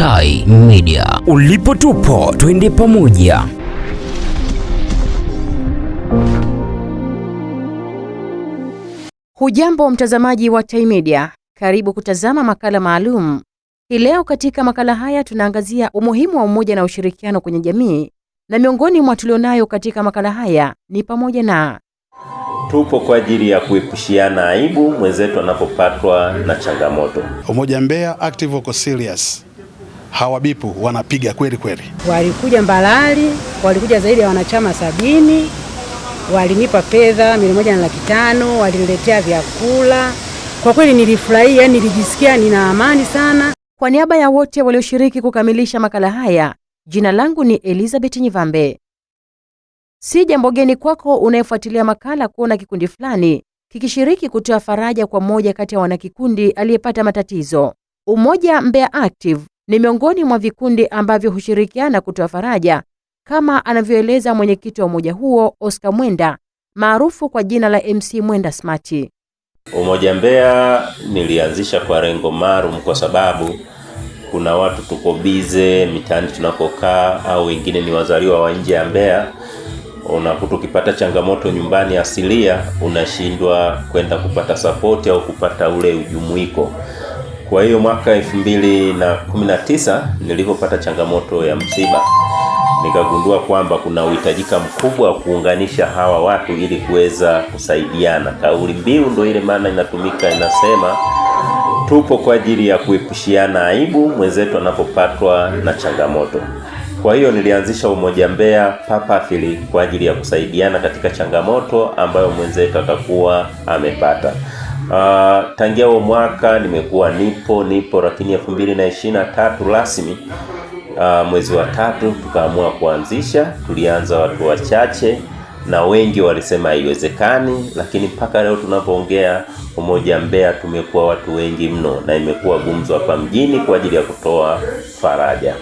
Tai Media. Ulipo tupo, twende pamoja. Hujambo mtazamaji wa Tai Media, karibu kutazama makala maalum hii leo. Katika makala haya tunaangazia umuhimu wa umoja na ushirikiano kwenye jamii, na miongoni mwa tulionayo katika makala haya ni pamoja na tupo kwa ajili ya kuepushiana aibu mwenzetu anapopatwa na changamoto. Umoja Mbeya, active wako serious hawabipu, wanapiga kweli kweli. Walikuja Mbalali, walikuja zaidi ya wanachama sabini. Walinipa fedha milioni moja na laki tano, waliniletea vyakula. Kwa kweli nilifurahia, yani nilijisikia nina amani sana. Kwa niaba ya wote walioshiriki kukamilisha makala haya, jina langu ni Elizabeth Nyivambe. Si jambo geni kwako unayefuatilia makala kuona kikundi fulani kikishiriki kutoa faraja kwa mmoja kati ya wanakikundi aliyepata matatizo. Umoja Mbeya Active ni miongoni mwa vikundi ambavyo hushirikiana kutoa faraja, kama anavyoeleza mwenyekiti wa umoja huo Oscar Mwenda maarufu kwa jina la MC Mwenda Smart. Umoja Mbeya nilianzisha kwa lengo maalum, kwa sababu kuna watu tuko bize mitaani tunakokaa, au wengine ni wazaliwa wa nje ya Mbeya. Unakuta ukipata changamoto nyumbani asilia, unashindwa kwenda kupata sapoti au kupata ule ujumuiko. Kwa hiyo mwaka 2019 nilipopata changamoto ya msiba, nikagundua kwamba kuna uhitajika mkubwa wa kuunganisha hawa watu ili kuweza kusaidiana. Kauli mbiu ndio ile maana inatumika, inasema tupo kwa ajili ya kuepushiana aibu mwenzetu anapopatwa na changamoto. Kwa hiyo nilianzisha Umoja mbea papafili kwa ajili ya kusaidiana katika changamoto ambayo mwenzetu atakuwa amepata. Uh, tangia huo mwaka nimekuwa nipo nipo, lakini elfu mbili na ishirini na tatu rasmi uh, mwezi wa tatu tukaamua kuanzisha. Tulianza watu wachache na wengi walisema haiwezekani, lakini mpaka leo tunapoongea Umoja Mbeya tumekuwa watu wengi mno, na imekuwa gumzo hapa mjini kwa ajili ya kutoa faraja.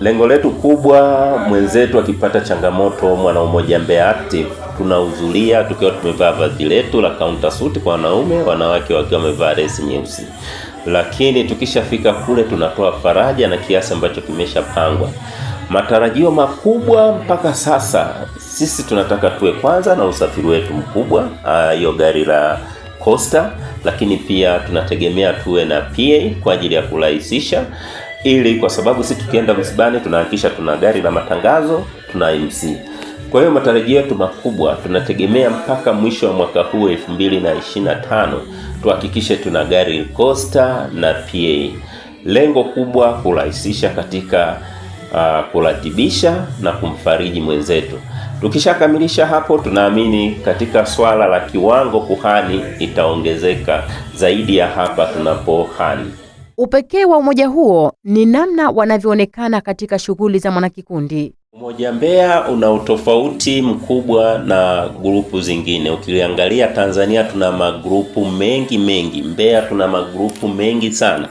Lengo letu kubwa, mwenzetu akipata changamoto, mwana Umoja Mbeya Active tunahudhuria tukiwa tumevaa vazi letu la counter suit kwa wanaume, wanawake wakiwa wamevaa resi nyeusi. Lakini tukishafika kule tunatoa faraja na kiasi ambacho kimeshapangwa. Matarajio makubwa mpaka sasa, sisi tunataka tuwe kwanza na usafiri wetu mkubwa, ah, hiyo gari la Costa, lakini pia tunategemea tuwe na PA kwa ajili ya kurahisisha ili kwa sababu sisi tukienda msibani tunahakisha tuna gari la matangazo, tuna MC. Kwa hiyo matarajio yetu makubwa tunategemea mpaka mwisho wa mwaka huu 2025 tuhakikishe tuna gari costa na PA. Lengo kubwa kurahisisha katika uh, kuratibisha na kumfariji mwenzetu. Tukishakamilisha hapo, tunaamini katika swala la kiwango kuhani itaongezeka zaidi ya hapa tunapohani. Upekee wa umoja huo ni namna wanavyoonekana katika shughuli za mwanakikundi. Umoja Mbeya una utofauti mkubwa na grupu zingine. Ukiangalia Tanzania tuna magrupu mengi mengi, Mbeya tuna magrupu mengi sana.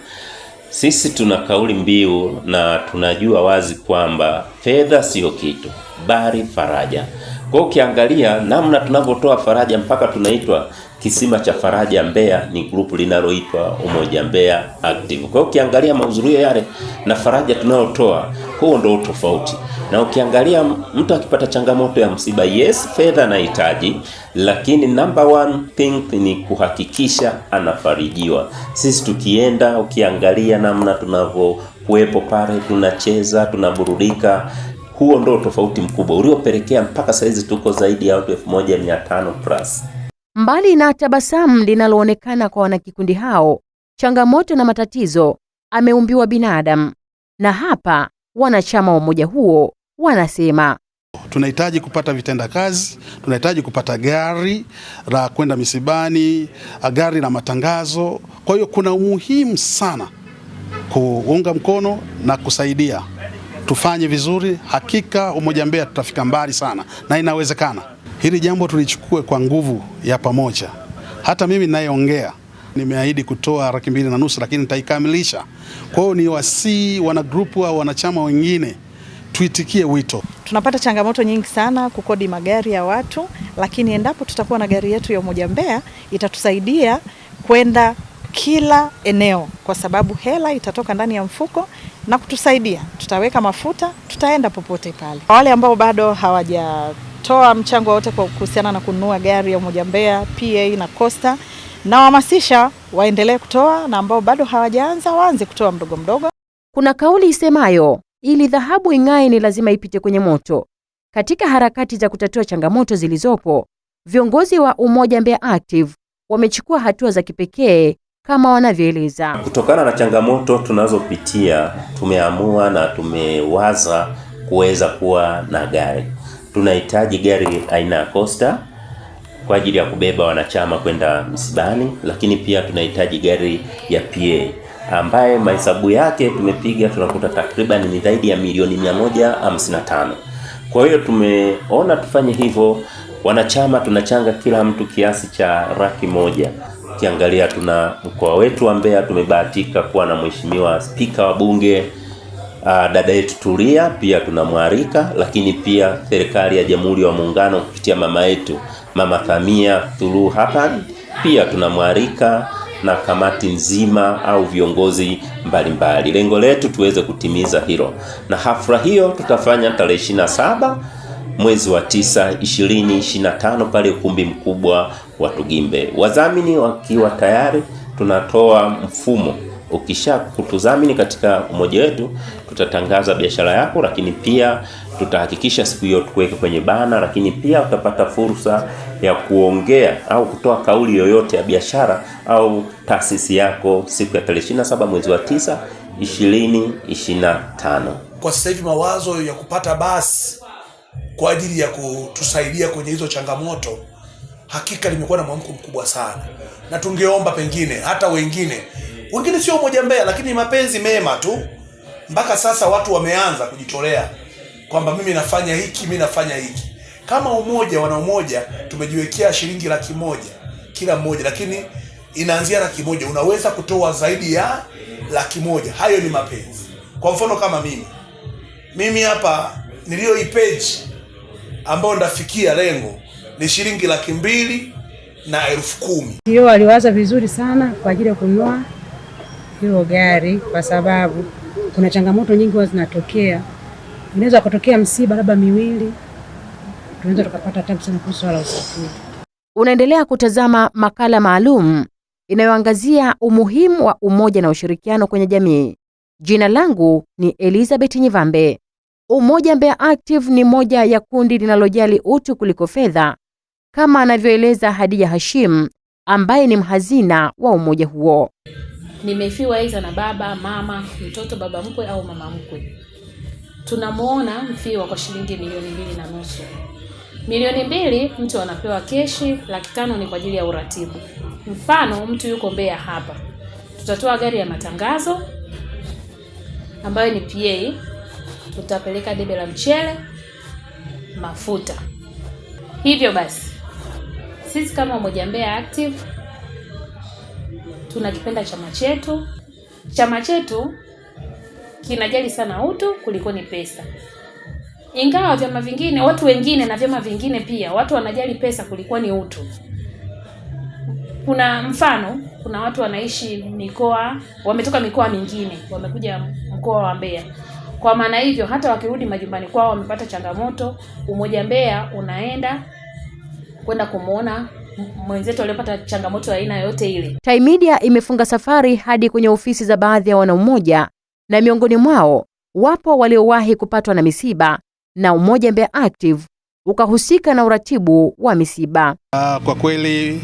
Sisi tuna kauli mbiu na tunajua wazi kwamba fedha siyo kitu, bali faraja. Kwa hiyo ukiangalia namna tunavyotoa faraja mpaka tunaitwa Kisima cha Faraja Mbeya ni grupu linaloitwa Umoja Mbeya Active. Kwa hiyo ukiangalia mahudhurio yale na faraja tunayotoa, huo ndio tofauti. Na ukiangalia mtu akipata changamoto ya msiba, yes, fedha anahitaji, lakini number one thing ni kuhakikisha anafarijiwa. Sisi tukienda, ukiangalia namna tunavyokuwepo pale, tunacheza, tunaburudika huo ndo tofauti mkubwa uliopelekea mpaka saizi tuko zaidi ya watu 1500 plus. Mbali na tabasamu linaloonekana kwa wanakikundi hao, changamoto na matatizo ameumbiwa binadamu, na hapa wanachama wa umoja huo wanasema tunahitaji kupata vitenda kazi, tunahitaji kupata gari la kwenda misibani, gari la matangazo. Kwa hiyo kuna umuhimu sana kuunga mkono na kusaidia tufanye vizuri. Hakika umoja Mbeya tutafika mbali sana na inawezekana. Hili jambo tulichukue kwa nguvu ya pamoja. Hata mimi ninayeongea nimeahidi kutoa laki mbili na nusu lakini nitaikamilisha. Kwa hiyo ni wasii grupu au wanachama wengine tuitikie wito. Tunapata changamoto nyingi sana kukodi magari ya watu, lakini endapo tutakuwa na gari yetu ya Umoja Mbeya itatusaidia kwenda kila eneo, kwa sababu hela itatoka ndani ya mfuko na kutusaidia, tutaweka mafuta, tutaenda popote pale. Wale ambao bado hawaja kutoa mchango wote kwa kuhusiana na kununua gari ya Umoja Mbeya PA na Costa. Nawahamasisha waendelee kutoa na ambao bado hawajaanza waanze kutoa mdogo mdogo. Kuna kauli isemayo ili dhahabu ing'ae ni lazima ipite kwenye moto. Katika harakati za kutatua changamoto zilizopo, viongozi wa Umoja Mbeya Active wamechukua hatua za kipekee kama wanavyoeleza. Kutokana na changamoto tunazopitia, tumeamua na tumewaza kuweza kuwa na gari tunahitaji gari aina ya Costa kwa ajili ya kubeba wanachama kwenda msibani, lakini pia tunahitaji gari ya PA ambaye mahesabu yake tumepiga tunakuta takriban ni zaidi ya milioni 155. Kwa hiyo tumeona tufanye hivyo. Wanachama tunachanga kila mtu kiasi cha laki moja. Ukiangalia tuna mkoa wetu wa Mbeya tumebahatika kuwa na mheshimiwa spika wa bunge uh, dada yetu Tulia pia tunamwalika, lakini pia serikali ya Jamhuri ya Muungano kupitia mama yetu Mama Samia Suluhu Hassan pia tunamwalika na kamati nzima au viongozi mbalimbali. Lengo letu tuweze kutimiza hilo, na hafla hiyo tutafanya tarehe saba mwezi wa tisa ishirini tano pale ukumbi mkubwa wa Tugimbe, wadhamini wakiwa tayari tunatoa mfumo Ukisha kutuzamini katika umoja wetu, tutatangaza biashara yako, lakini pia tutahakikisha siku hiyo tukuweke kwenye bana, lakini pia utapata fursa ya kuongea au kutoa kauli yoyote ya biashara au taasisi yako siku ya tarehe 27 mwezi wa 9 2025. Kwa sasa hivi mawazo ya kupata basi kwa ajili ya kutusaidia kwenye hizo changamoto hakika limekuwa na mwamko mkubwa sana, na tungeomba pengine hata wengine wengine sio umoja mbea, lakini mapenzi mema tu. Mpaka sasa watu wameanza kujitolea kwamba mimi nafanya hiki, mimi nafanya hiki. Kama umoja, wana umoja tumejiwekea shilingi laki moja kila mmoja, lakini inaanzia laki moja, unaweza kutoa zaidi ya laki moja. Hayo ni mapenzi. Kwa mfano kama mimi mimi hapa niliyoipeji ambayo ndafikia lengo ni shilingi laki mbili na elfu kumi. Hiyo waliwaza vizuri sana kwa ajili ya kununua hilo gari, kwa sababu kuna changamoto nyingi huwa zinatokea. Inaweza kutokea msiba labda miwili, tunaweza tukapata tabu sana kuhusu swala usafiri. Unaendelea kutazama makala maalum inayoangazia umuhimu wa umoja na ushirikiano kwenye jamii. Jina langu ni Elizabeth Nyivambe. Umoja Mbeya Active ni moja ya kundi linalojali utu kuliko fedha, kama anavyoeleza Hadija Hashim ambaye ni mhazina wa umoja huo nimefiwa iza na baba mama mtoto baba mkwe au mama mkwe tunamwona mfiwa kwa shilingi milioni mbili na nusu milioni mbili mtu anapewa keshi laki tano ni kwa ajili ya uratibu mfano mtu yuko mbea hapa tutatoa gari ya matangazo ambayo ni PA tutapeleka debe la mchele mafuta hivyo basi sisi kama umoja Mbeya active tunakipenda chama chetu. Chama chetu kinajali sana utu kuliko ni pesa, ingawa vyama vingine, watu wengine na vyama vingine pia watu wanajali pesa kuliko ni utu. Kuna mfano, kuna watu wanaishi mikoa, wametoka mikoa mingine, wamekuja mkoa wa Mbeya. Kwa maana hivyo, hata wakirudi majumbani kwao wamepata changamoto. Umoja Mbeya unaenda kwenda kumuona mwenzetu aliyopata changamoto aina yoyote ile. Tai Media imefunga safari hadi kwenye ofisi za baadhi ya wanaumoja na miongoni mwao wapo waliowahi kupatwa na misiba na Umoja Mbeya Active ukahusika na uratibu wa misiba. Ah, kwa kweli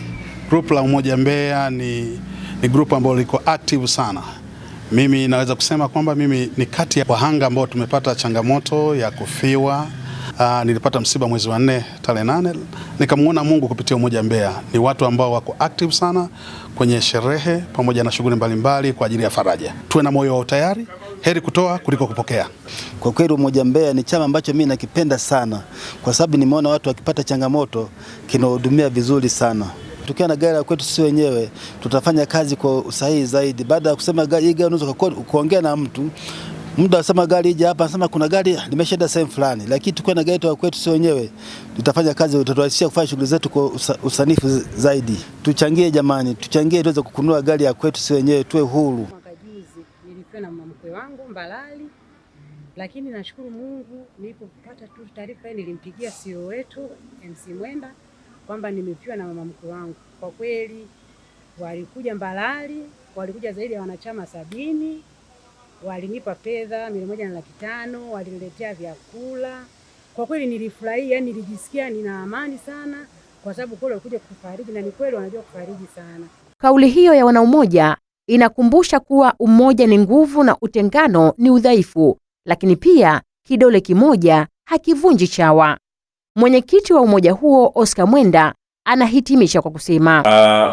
grupu la Umoja Mbeya ni, ni grupu ambayo liko active sana. Mimi naweza kusema kwamba mimi ni kati ya wahanga ambao tumepata changamoto ya kufiwa Aa, ah, nilipata msiba mwezi wa nne tarehe nane, nikamwona Mungu kupitia Umoja Mbeya. Ni watu ambao wako active sana kwenye sherehe pamoja na shughuli mbalimbali kwa ajili ya faraja. Tuwe na moyo wa utayari, heri kutoa kuliko kupokea. Kwa kweli Umoja Mbeya ni chama ambacho mimi nakipenda sana, kwa sababu nimeona watu wakipata changamoto kinahudumia vizuri sana tukiwa na gari la kwetu sisi wenyewe tutafanya kazi kwa usahihi zaidi. Baada ya kusema hii gari, unaweza kuongea na mtu muda sema gari ije hapa, nasema kuna gari limeshaenda sehemu fulani, lakini tukiwa na gari tu kwetu sio wenyewe, tutafanya kazi, tutawasisha kufanya shughuli zetu kwa usanifu zaidi. Tuchangie jamani, tuchangie tuweze kukunua gari ya kwetu sio wenyewe, tuwe huru. Juzi nilikuwa na wangu Mbalali, lakini nashukuru Mungu nilipopata tu taarifa, nilimpigia CEO wetu MC Mwenda kwamba nimepiwa na mama mkwe wangu. Kwa kweli walikuja Mbalali, walikuja zaidi ya wanachama sabini walinipa fedha milioni moja na laki tano, waliniletea vyakula. Kwa kweli nilifurahia yani nilijisikia nina amani sana, kwa sababu kule walikuja kufariji, na ni kweli wanajua kufariji sana. Kauli hiyo ya wanaumoja inakumbusha kuwa umoja ni nguvu na utengano ni udhaifu, lakini pia kidole kimoja hakivunji chawa. Mwenyekiti wa umoja huo Oscar Mwenda Anahitimisha kwa kusema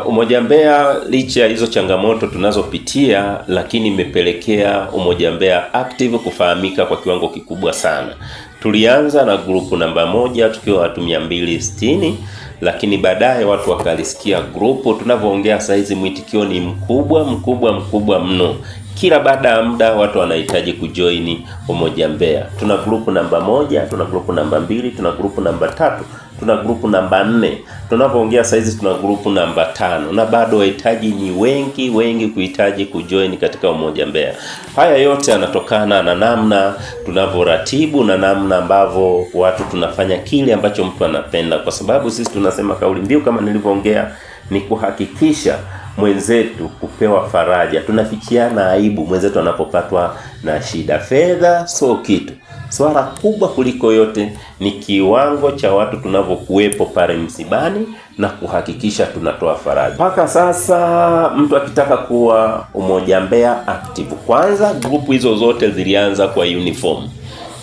uh, Umoja Mbeya licha ya hizo changamoto tunazopitia, lakini imepelekea Umoja Mbeya Active kufahamika kwa kiwango kikubwa sana. Tulianza na grupu namba moja tukiwa watu mia mbili sitini lakini baadaye watu wakalisikia grupu. Tunavyoongea saa hizi mwitikio ni mkubwa mkubwa mkubwa mno. Kila baada ya muda watu wanahitaji kujoini Umoja Mbeya. Tuna grupu namba moja, tuna grupu namba mbili, tuna grupu namba tatu tuna grupu namba nne, tunapoongea saa hizi tuna grupu namba tano, na bado wahitaji ni wengi wengi kuhitaji kujoin katika Umoja mbea Haya yote yanatokana na namna tunavyoratibu na namna ambavyo watu tunafanya kile ambacho mtu anapenda, kwa sababu sisi tunasema kauli mbiu kama nilivyoongea ni kuhakikisha mwenzetu kupewa faraja. Tunafikiana aibu mwenzetu anapopatwa na shida. Fedha so kitu Swala kubwa kuliko yote ni kiwango cha watu tunavyokuwepo pale msibani na kuhakikisha tunatoa faraja. Mpaka sasa mtu akitaka kuwa Umoja mbea active, kwanza grupu hizo zote zilianza kwa uniform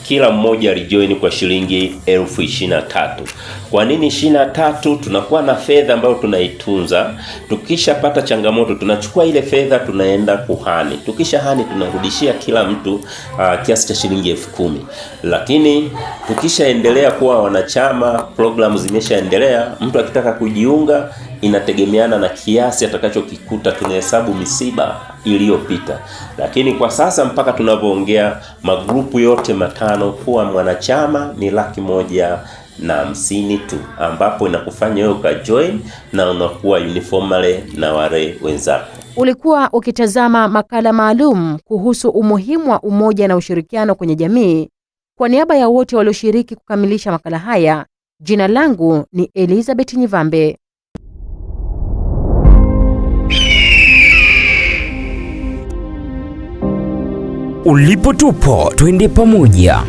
kila mmoja alijoin kwa shilingi elfu ishirini na tatu. Kwa nini ishirini na tatu? Tunakuwa na fedha ambayo tunaitunza, tukishapata changamoto tunachukua ile fedha tunaenda kuhani, tukisha hani tunarudishia kila mtu uh, kiasi cha shilingi elfu kumi. Lakini tukishaendelea kuwa wanachama, programu zimeshaendelea, mtu akitaka kujiunga inategemeana na kiasi atakachokikuta kwenye hesabu misiba iliyopita. Lakini kwa sasa mpaka tunavyoongea, magrupu yote matano kuwa mwanachama ni laki moja na hamsini tu, ambapo inakufanya wewe ukajoin na unakuwa uniformally na wale wenzako. Ulikuwa ukitazama makala maalum kuhusu umuhimu wa umoja na ushirikiano kwenye jamii. Kwa niaba ya wote walioshiriki kukamilisha makala haya, jina langu ni Elizabeth Nyivambe. ulipo tupo, twende pamoja.